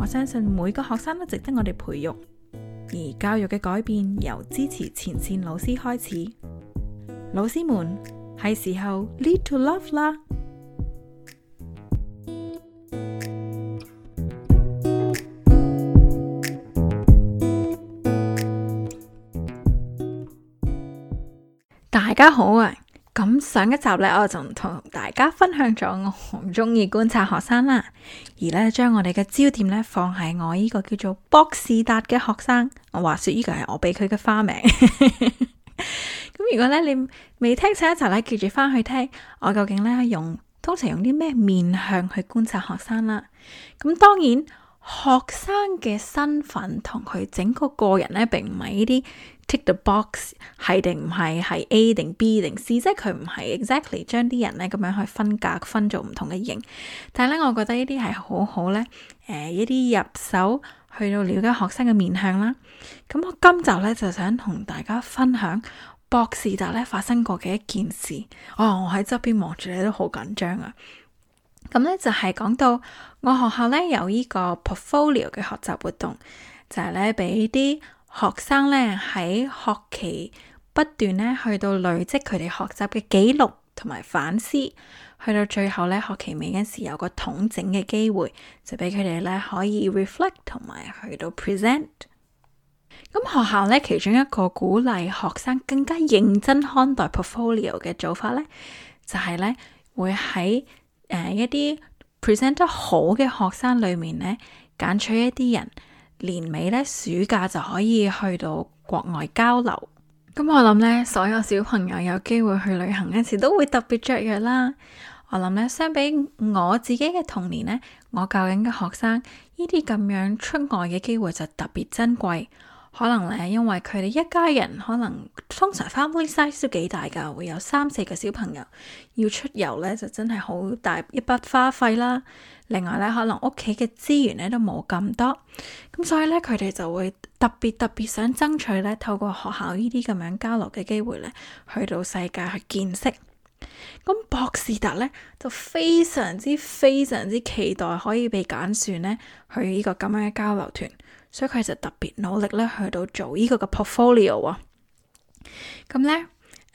我相信每個學生都值得我哋培育，而教育嘅改變由支持前線老師開始。老師們，係時候 lead to love 啦！大家好啊！咁上一集呢，我就同大家分享咗我好中意觀察學生啦，而呢，將我哋嘅焦點呢，放喺我呢個叫做博士達嘅學生，我話說呢個係我俾佢嘅花名。咁 如果呢，你未聽上一集呢，記住翻去聽，我究竟呢，用通常用啲咩面向去觀察學生啦？咁當然，學生嘅身份同佢整個個人呢，並唔係呢啲。Tick the box 係定唔係係 A 定 B 定 C，即係佢唔係 exactly 將啲人咧咁樣去分隔，分做唔同嘅型。但係咧，我覺得呢啲係好好咧，誒一啲入手去到了解學生嘅面向啦。咁我今集咧就想同大家分享博士達咧發生過嘅一件事。哦、啊，我喺側邊望住你都好緊張啊！咁咧就係講到我學校咧有呢個 portfolio 嘅學習活動，就係咧俾啲。學生咧喺學期不斷咧去到累積佢哋學習嘅記錄同埋反思，去到最後咧，學期尾嗰時有個統整嘅機會，就俾佢哋咧可以 reflect 同埋去到 present。咁學校咧其中一個鼓勵學生更加認真看待 portfolio 嘅做法咧，就係、是、咧會喺誒、呃、一啲 present 得好嘅學生裏面咧，揀取一啲人。年尾咧，暑假就可以去到國外交流。咁我諗呢，所有小朋友有機會去旅行嗰時，都會特別雀躍啦。我諗呢，相比我自己嘅童年呢，我教緊嘅學生，呢啲咁樣出外嘅機會就特別珍貴。可能咧，因為佢哋一家人可能通常 family size 都幾大噶，會有三四個小朋友要出遊咧，就真係好大一筆花費啦。另外咧，可能屋企嘅資源咧都冇咁多，咁所以咧佢哋就會特別特別想爭取咧，透過學校呢啲咁樣交流嘅機會咧，去到世界去見識。咁博士達咧就非常之非常之期待可以被揀選咧去呢個咁樣嘅交流團。所以佢就特別努力咧，去到做個、哦、呢個嘅 portfolio 啊。咁咧，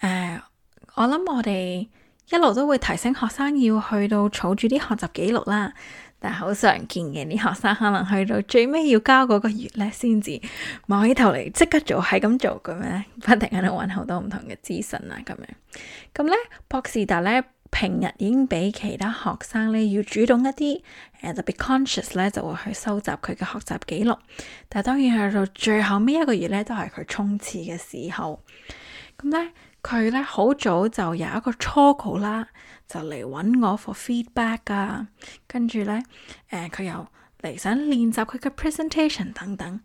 誒，我諗我哋一路都會提醒學生要去到儲住啲學習記錄啦。但係好常見嘅啲學生，可能去到最尾要交嗰個月咧，先至望起頭嚟即刻做，係咁做嘅咩？咁樣，不停喺度揾好多唔同嘅資訊啊，咁樣。咁咧博士達咧。平日已經比其他學生咧要主動一啲，誒，特別 conscious 咧就會去收集佢嘅學習記錄。但係當然去到最後尾一個月咧，都係佢衝刺嘅時候。咁咧，佢咧好早就有一個初稿啦，就嚟揾我 for feedback 啊。跟住咧，誒、呃、佢又嚟想練習佢嘅 presentation 等等。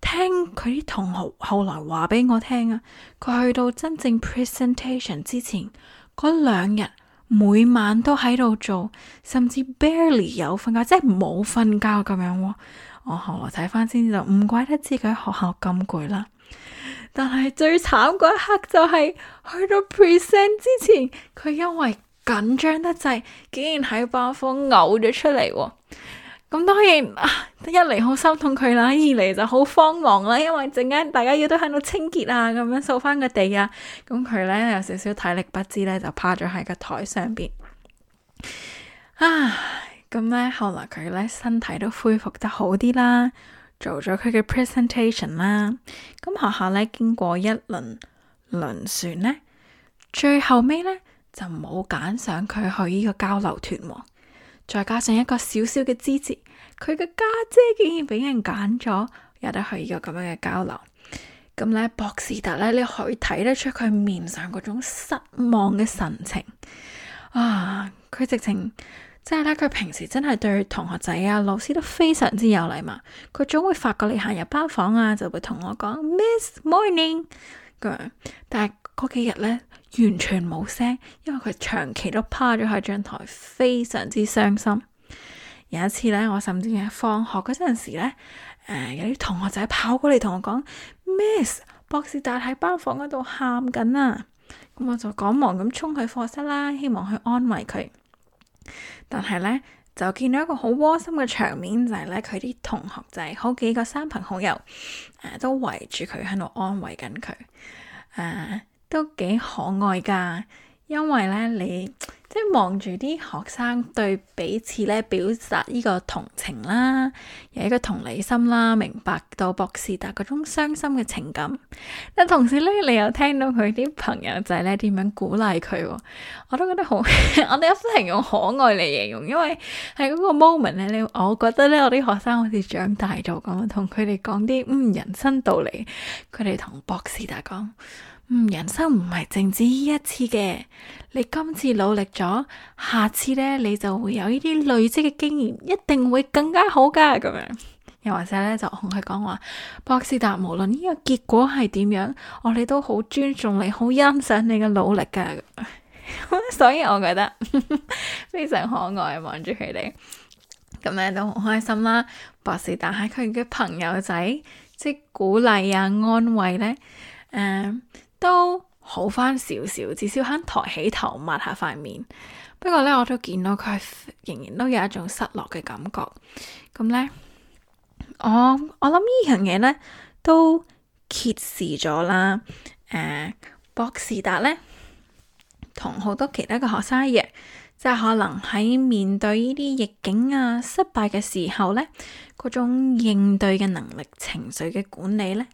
聽佢啲同學後來話俾我聽啊，佢去到真正 presentation 之前嗰兩日。每晚都喺度做，甚至 barely 有瞓覺，即係冇瞓覺咁樣。我後來睇翻先知道，唔怪得知佢學校咁攰啦。但係最慘嗰一刻就係去到 present 之前，佢因為緊張得滯，竟然喺班房嘔咗出嚟。咁當然啊，一嚟好心痛佢啦，二嚟就好慌忙啦，因為陣間大家要都喺度清潔啊，咁樣掃翻個地啊，咁佢咧有少少體力不支咧，就趴咗喺個台上邊。唉，咁、嗯、咧後來佢咧身體都恢復得好啲啦，做咗佢嘅 presentation 啦、嗯。咁學校咧經過一輪輪選咧，最後尾咧就冇揀上佢去呢個交流團喎。再加上一個小小嘅支節，佢嘅家姐竟然俾人揀咗，有得去呢個咁樣嘅交流。咁咧，博士達咧，你可以睇得出佢面上嗰種失望嘅神情。啊，佢直情即係咧，佢平時真係對同學仔啊、老師都非常之有禮貌。佢總會發覺你行入班房啊，就會同我講 Miss Morning 咁。但係嗰幾日咧。完全冇聲，因為佢長期都趴咗喺張台，非常之傷心。有一次呢，我甚至係放學嗰陣時呢，誒、呃、有啲同學仔跑過嚟同我講，Miss 博士達喺班房嗰度喊緊啊！咁、嗯、我就趕忙咁衝去課室啦，希望去安慰佢。但係呢，就見到一個好窩心嘅場面，就係、是、呢，佢啲同學仔好幾個三朋好友，誒、呃、都圍住佢喺度安慰緊佢，誒、呃。都幾可愛噶，因為咧你即係望住啲學生對彼此咧表達呢個同情啦，有一個同理心啦，明白到博士達嗰種傷心嘅情感。但同時咧，你又聽到佢啲朋友仔咧點樣鼓勵佢，我都覺得好。 我哋一直用可愛嚟形容，因為喺嗰個 moment 咧，你我覺得咧我啲學生好似長大咗咁，同佢哋講啲嗯人生道理，佢哋同博士達講。嗯，人生唔係淨止呢一次嘅，你今次努力咗，下次咧你就會有呢啲累積嘅經驗，一定會更加好噶。咁樣，又或者咧就同佢講話，博士達，無論呢個結果係點樣，我哋都好尊重你，好欣賞你嘅努力噶。 所以我覺得 非常可愛，望住佢哋咁樣都好開心啦。博士達係佢嘅朋友仔，即鼓勵啊，安慰咧，誒、嗯。都好翻少少，至少肯抬起頭抹下塊面。不過呢，我都見到佢仍然都有一種失落嘅感覺。咁呢，我我諗呢樣嘢呢，都揭示咗啦。誒，博士達呢，同好多其他嘅學生一樣，即係可能喺面對呢啲逆境啊、失敗嘅時候呢，嗰種應對嘅能力、情緒嘅管理呢，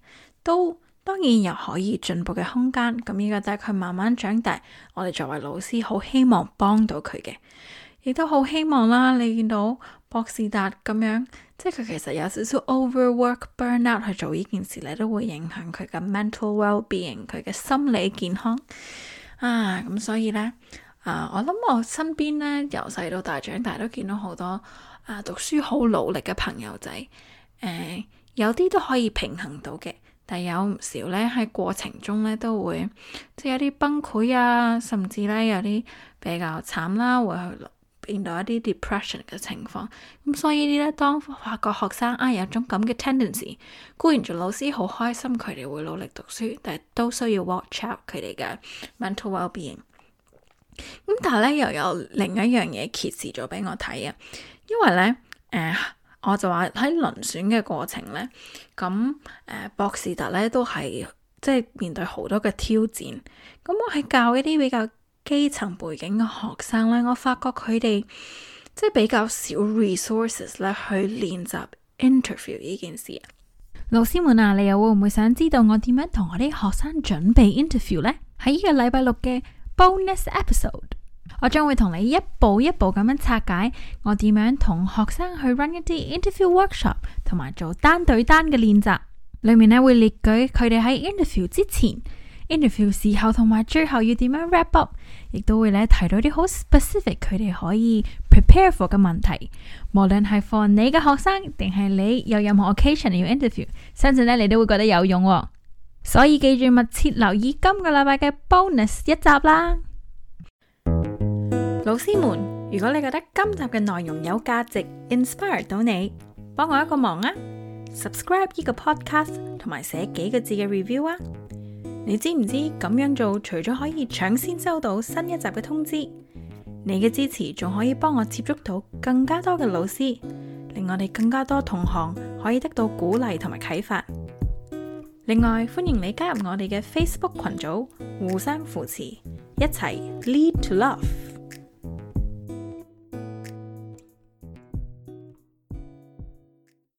都。當然有可以進步嘅空間，咁呢個就係佢慢慢長大，我哋作為老師好希望幫到佢嘅，亦都好希望啦。你見到博士達咁樣，即係佢其實有少少 overwork burnout 去做呢件事，嚟，都會影響佢嘅 mental well-being，佢嘅心理健康啊。咁所以呢，啊、呃，我諗我身邊呢，由細到大長大都見到好多啊讀書好努力嘅朋友仔，誒、呃，有啲都可以平衡到嘅。但係有唔少咧喺過程中咧都會即係有啲崩潰啊，甚至咧有啲比較慘啦、啊，會去變到一啲 depression 嘅情況。咁、嗯、所以咧，當發覺學生啊，有種咁嘅 tendency，固然做老師好開心，佢哋會努力讀書，但係都需要 watch out 佢哋嘅 mental well-being。咁、嗯、但係咧又有另一樣嘢揭示咗俾我睇啊，因為咧誒，呃我就話喺輪選嘅過程、呃、呢，咁誒博士達呢都係即係面對好多嘅挑戰。咁我係教一啲比較基層背景嘅學生呢，我發覺佢哋即係比較少 resources 咧去練習 interview 呢件事啊。老師們啊，你又會唔會想知道我點樣同我啲學生準備 interview 呢？喺呢個禮拜六嘅 bonus episode。我將會同你一步一步咁樣拆解，我點樣同學生去 run 一啲 interview workshop，同埋做單對單嘅練習。裏面咧會列舉佢哋喺 interview 之前、interview 時候同埋最後要點樣 wrap up，亦都會咧提到啲好 specific，佢哋可以 prepare for 嘅問題。無論係 for 你嘅學生定係你有任何 occasion 要 interview，相信咧你都會覺得有用喎。所以記住密切留意今個禮拜嘅 bonus 一集啦。老師們，如果你覺得今集嘅內容有價值，inspire 到你，幫我一個忙啊！Subscribe 呢個 podcast，同埋寫幾個字嘅 review 啊！你知唔知咁樣做，除咗可以搶先收到新一集嘅通知，你嘅支持仲可以幫我接觸到更加多嘅老師，令我哋更加多同行可以得到鼓勵同埋啟發。另外，歡迎你加入我哋嘅 Facebook 群組，互相扶持，一齊 Lead to Love。